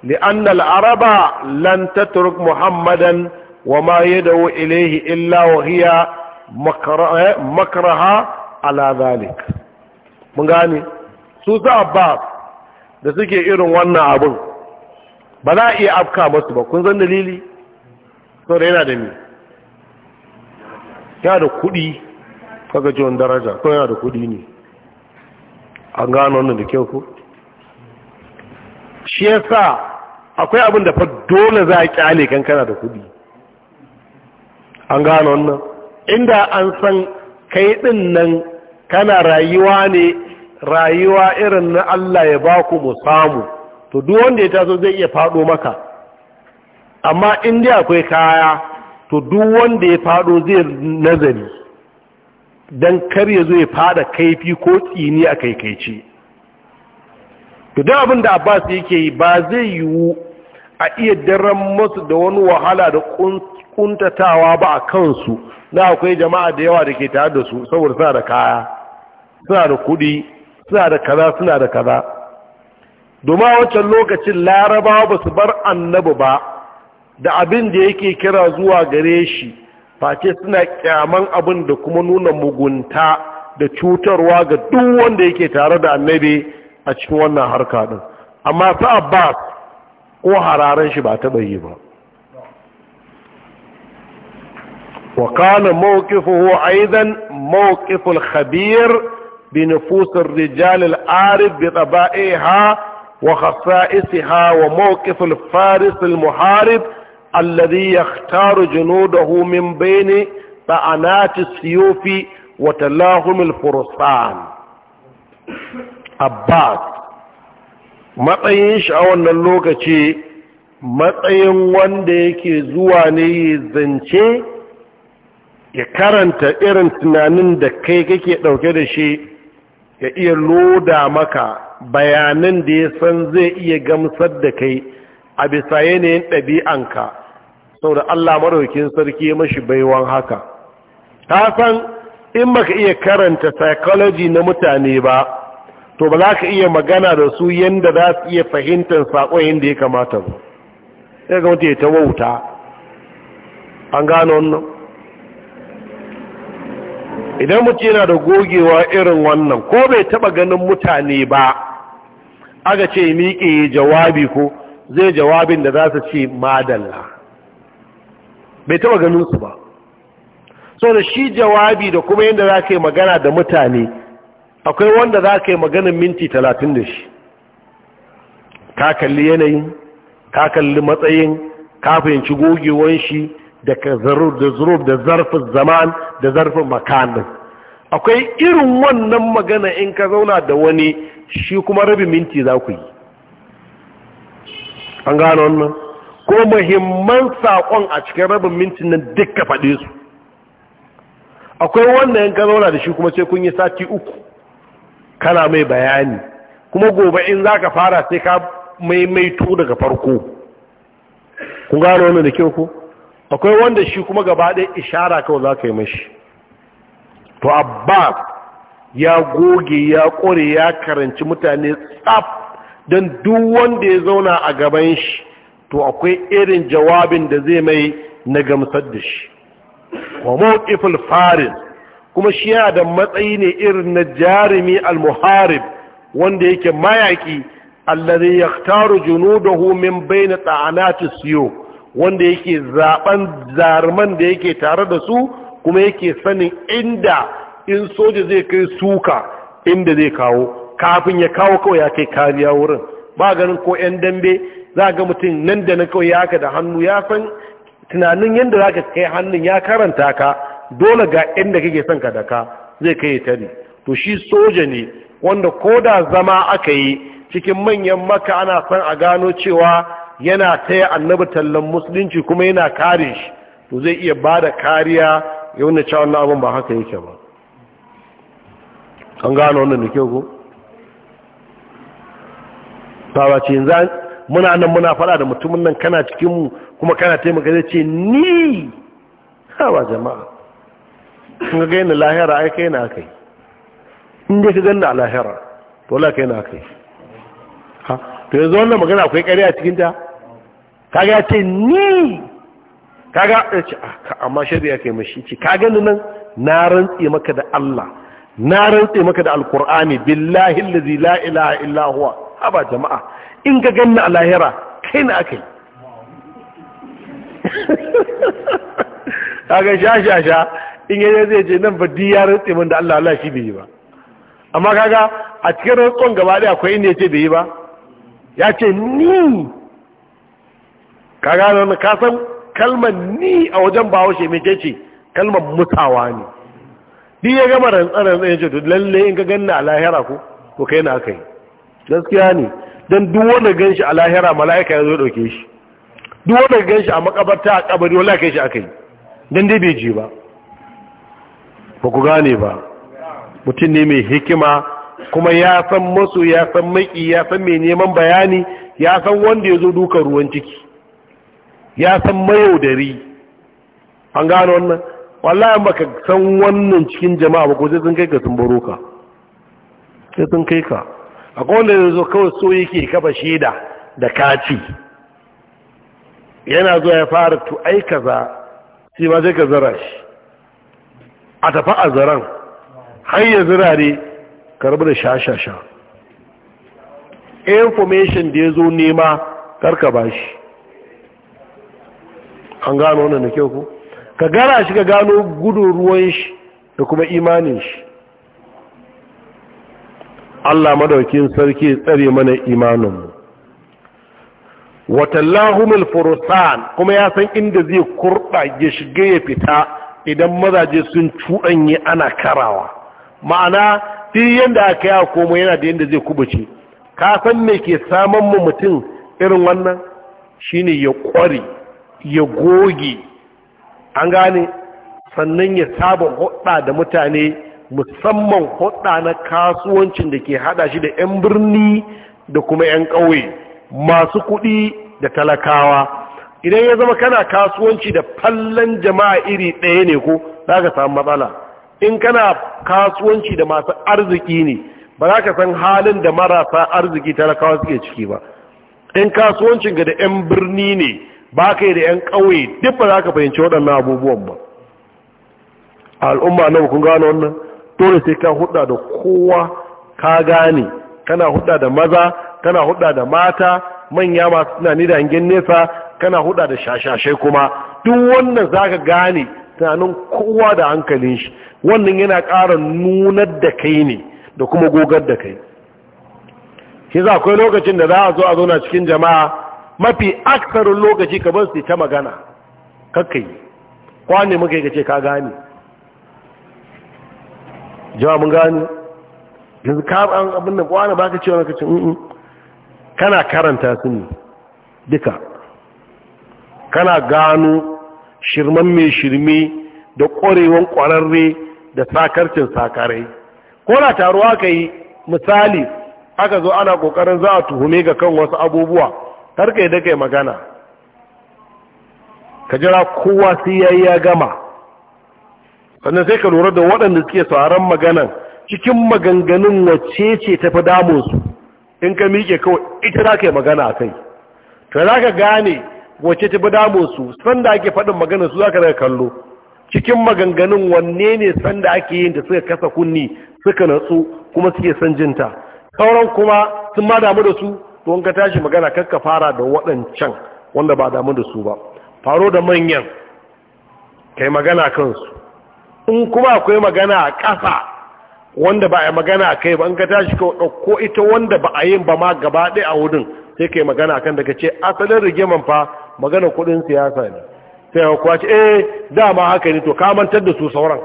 لأن العرب لن تترك محمدا وما يدعو إليه إلا وهي مكرها على ذلك mun gane su su abbas da suke irin wannan abin ba za a iya afka masu ba kun zan dalili sau da yana da mi ya da kudi kaga jiwon daraja sau yana da kudi ne an gano wannan da kyau ko shi ya sa akwai abin da fa dole za a kyale kankana da kudi an gano wannan inda an san kai din nan kana rayuwa ne rayuwa irin na Allah ya ba ku mu samu to duk wanda ya taso zai iya fado maka amma in dai akwai kaya to duk wanda ya fado zai nazari don kar ya zo ya fada kaifi ko tsini a kaikaici to duk abin da abbas yake yi ba zai yiwu a iya daren masu da wani wahala da kuntatawa ba a kansu na akwai jama'a da yawa da ke tare da su saboda suna da kaya suna da kuɗi. suna da kaza suna da kaza domin wancan lokacin larabawa ba su bar annabi ba da abin da yake kira zuwa gare shi face suna kyaman abin da kuma nuna mugunta da cutarwa ga duk wanda yake tare da annabi a cikin wannan harka din amma su abbas ko hararen shi ba taɓa yi ba wa kana mawqifuhu aidan mawqiful khabir بنفوس الرجال العارف بطبائعها وخصائصها وموقف الفارس المحارب الذي يختار جنوده من بين طعنات السيوف وتلاهم الفرسان عباس ما تعيش او ان اللوكتي ما wanda yake zuwa ne zance ya karanta irin tunanin da kai kake ya iya loda maka bayanan da ya san zai iya gamsar da kai a bisa yanayin ɗabi'anka sau da Allah maraukin sarki ya mashi baiwan haka ta san in baka iya karanta psychology na mutane ba to ba za ka iya magana da su yadda za su iya fahimtar saƙon yadda ya kamata ba ya ga ya ta wauta an gano wannan idan mutum yana da gogewa irin wannan ko bai taba ganin mutane ba aka ce miƙe jawabi ko zai jawabin da za su ce madalla bai taba ganin su ba so da shi jawabi da kuma yadda za ka yi magana da mutane akwai wanda za ka yi maganin minti talatin da shi ka kalli yanayin ka kalli matsayin ka fahimci gogewan shi da zarur da zurub da zarfin zaman da zarfin makanin akwai irin wannan magana in ka zauna da wani shi kuma rabin minti za ku yi an gano wannan ko muhimman saƙon a cikin rabin minti nan duka faɗe su akwai wannan in ka zauna da shi kuma sai kun yi sati uku kana mai bayani kuma gobe in za ka fara sai ka maimaito daga farko kun gano wannan da kyau ko akwai wanda shi kuma gaba ɗaya ishara kawai za ka yi mashi to abba ya goge ya ƙware ya karanci mutane tsaf don duk wanda ya zauna a gaban shi to akwai irin jawabin da zai mai na gamsar da shi wa mawqiful farin. kuma shi yana da matsayi ne irin na jarumi al-muharib wanda yake mayaki allazi yaktaru junudahu min bayna ta'anatis siyo. wanda yake zaben jaruman da yake tare da su kuma yake sanin inda in soja zai kai suka inda zai kawo kafin ya kawo kawai ya kai kariya wurin ba ganin ko 'yan dambe za ga mutum nan da na kawai ya ka da hannu ya san tunanin yadda za ka kai hannun ya karanta ka dole ga inda kake son ka da ka zai kai ta ne to shi soja ne wanda ko da zama aka yi cikin manyan maka ana son a gano cewa yana taya annabi tallan musulunci kuma yana kare shi to zai iya ba da kariya ya wani cewa wannan abin ba haka yake ba an gano wannan da kyau ko tawa ce zan muna nan muna fada da mutumin nan kana cikinmu kuma kana taimaka zai ce ni hawa jama'a sun ga yana lahira ai kai na kai inda ka ganna a lahira to la kai na kai ha to yanzu wannan magana akwai ƙari a cikinta kaga ya ce ni kaga ya ce ah, amma shari'a kai mashi ce kaga ni nan na rantse maka da Allah na rantse maka da alkur'ani billahi allazi la ilaha illa huwa haba jama'a in ka ganna a lahira kai na akai kaga sha sha sha in yaje zai ce nan ba di ya rantse min da Allah Allah shi bai yi ba amma kaga a cikin rantson gaba da akwai inda yace bai yi ba ya ce ni ka gano na kasan kalmar ni a wajen bahaushe mai ce kalmar mutawa ne duk ya gama rantsarar tsaye ce to lalle in ka ganna a lahira ko ko kai na aka yi gaskiya ne don duk da gan shi a lahira mala'ika ya zo ɗauke shi duk da gan shi a makabarta a kabari wala kai shi aka yi don dai bai ji ba ba ku gane ba mutum ne mai hikima kuma ya san masu ya san maki ya san mai neman bayani ya san wanda ya zo duka ruwan ciki ya san mayaudari an gano wannan wallahi maka san wannan cikin jama'a ba ko sai sun kai ka sun baro ka sai sun kai ka a akwai wanda zo kawai so yake kafa shaida da kaci yana zuwa ya fara to ai kaza shi ma sai ka zara shi a tafi a zaran har ya zirare karbi da sha-sha-sha information da ya zo nema karka ba shi an gano wannan da kyau ku ka gara shi ka gano gudun ruwan shi da kuma imanin shi Allah madaukin sarki tsare mana imanin imaninmu watallahumul furusan kuma ya san inda zai kurba ya shiga ya fita idan mazaje sun cuɗanye ana karawa ma'ana duk yanda aka ya komo yana da yanda zai kubuce ka san me ke saman mu mutum irin wannan shine ya ƙware ya goge an gane sannan ya saba hoɗa da mutane musamman hoɗa na kasuwancin da ke haɗa shi da 'yan birni da kuma 'yan ƙauye masu kuɗi da talakawa idan ya zama kana kasuwanci da fallon jama'a iri ɗaya ne ko za ka samu matsala in kana kasuwanci da masu arziki ne ba za ka san halin da marasa arziki talakawa suke ciki ba in kasuwancin ga da 'yan birni ne ba kai da 'yan ƙauye duk ba za ka fahimci waɗannan abubuwan ba al'umma na kun gano wannan dole sai ka hudda da kowa ka gane kana hudda da maza kana hudda da mata manya masu tunani da hangen nesa kana hudda da shashashai kuma duk wannan za ka gane tunanin kowa da hankalin shi wannan yana ƙara nunar da kai ne da kuma gogar da kai shi akwai lokacin da za a zo a zauna cikin jama'a mafi aksarin lokaci ka bansu su ta magana kakai yi kwane muka yi ce ka gane jawa mun gane yanzu ka an abin da kwane ba ka ce wani kacin kana karanta su ne duka kana gano shirman mai shirme da ƙwarewan ƙwararre da sakarcin sakarai ko na taruwa ka yi misali aka zo ana ƙoƙarin za a tuhume ga kan wasu abubuwa kar ka yi kai magana ka jira kowa sai ya yi ya gama sannan sai ka lura da waɗanda suke sauran maganan cikin maganganun wacce ce fi damunsu in ka miƙe kawai ita za ka yi magana a kai ta za ka gane wacce tafi damunsu sanda ake faɗin magana su za ka daga kallo cikin maganganun wanne ne sanda ake yin da suka kasa kunni suka natsu kuma suke son jinta sauran kuma sun ma damu da su don ka tashi magana kakka fara da waɗancan wanda ba damu da su ba faro da manyan kai magana kansu in kuma akwai magana a ƙasa wanda ba a magana a kai ba in ka tashi ka ɗauko ita wanda ba a yin ba ma gaba ɗaya a wurin sai kai magana kan daga ce asalin rigiman fa magana kuɗin siyasa ne sai ya ce eh dama haka ne to ka mantar da su sauran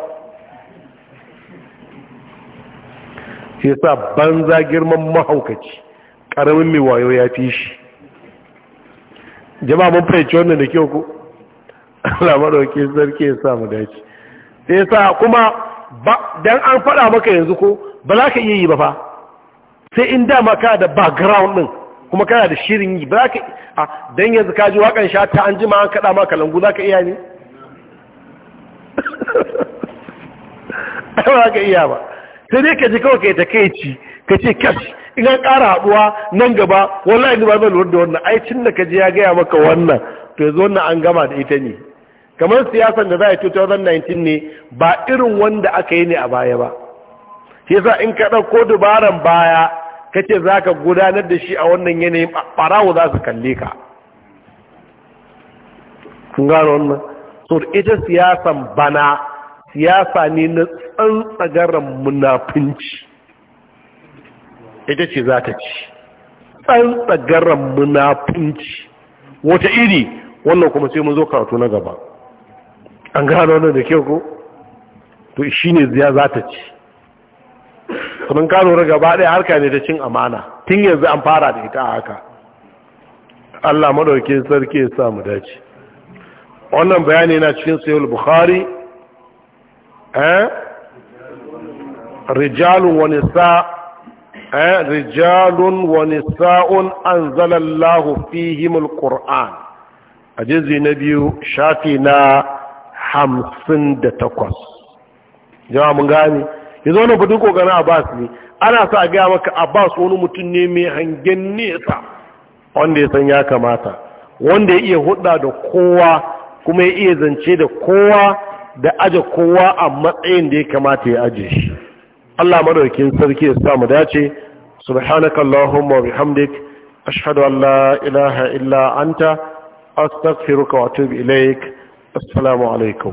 shi sa banza girman mahaukaci ƙaramin mai wayo ya fi shi jama'a mun fahimci wannan da kyau ko Allah madauki sarki ya sa mu dace sai sa kuma dan an faɗa maka yanzu ko ba za ka iya yi ba fa sai in dama ka da background din kuma kana da shirin yi ba za ka a dan yanzu kaji ji wakan sha ta an jima an kaɗa maka langu za ka iya ne ba za ka iya ba sai dai ka ji kawai ka yi ta kai ci ka ce kashi in an ƙara haɗuwa nan gaba wallahi ni ba zan lura da wannan ai cin da ka je ya gaya maka wannan to yanzu wannan an gama da ita ne kamar siyasan da za a yi 2019 ne ba irin wanda aka yi ne a baya ba shi yasa in ka ɗauko dubaran baya ka ce za ka gudanar da shi a wannan yanayin ɓarawo za su kalle ka kun gano wannan so ita siyasan bana siyasa ne na tsantsagaran munafunci. ita ce za ta ci tsagarar munafunci wata iri wannan kuma sai mun zo karatu na gaba an gano wannan da kyau ko to shi ne ziya za ta ci sunan na gaba ɗaya harka ne ta cin amana tun yanzu an fara da ita a haka allah maɗauki sarki ya samu dace wannan bayani na cikin sayul bukhari eh rijalun wani sa' rijalun wa nisa'un anzalallahu fihimul qur'an a jizi biyu shafi na hamsin da takwas jama mun ko ya zo na fudin kokarin abbas ne ana sa a gaya maka abbas wani mutum ne mai hangen nesa wanda ya san ya kamata wanda ya iya huɗa da kowa kuma ya iya zance da kowa da aje kowa a matsayin da ya kamata ya ajiye. shi Allah madaukin sarki ya sa mu dace subhanakallahumma wa bihamdik ashhadu an la ilaha illa anta astaghfiruka wa atubu ilaik assalamu alaikum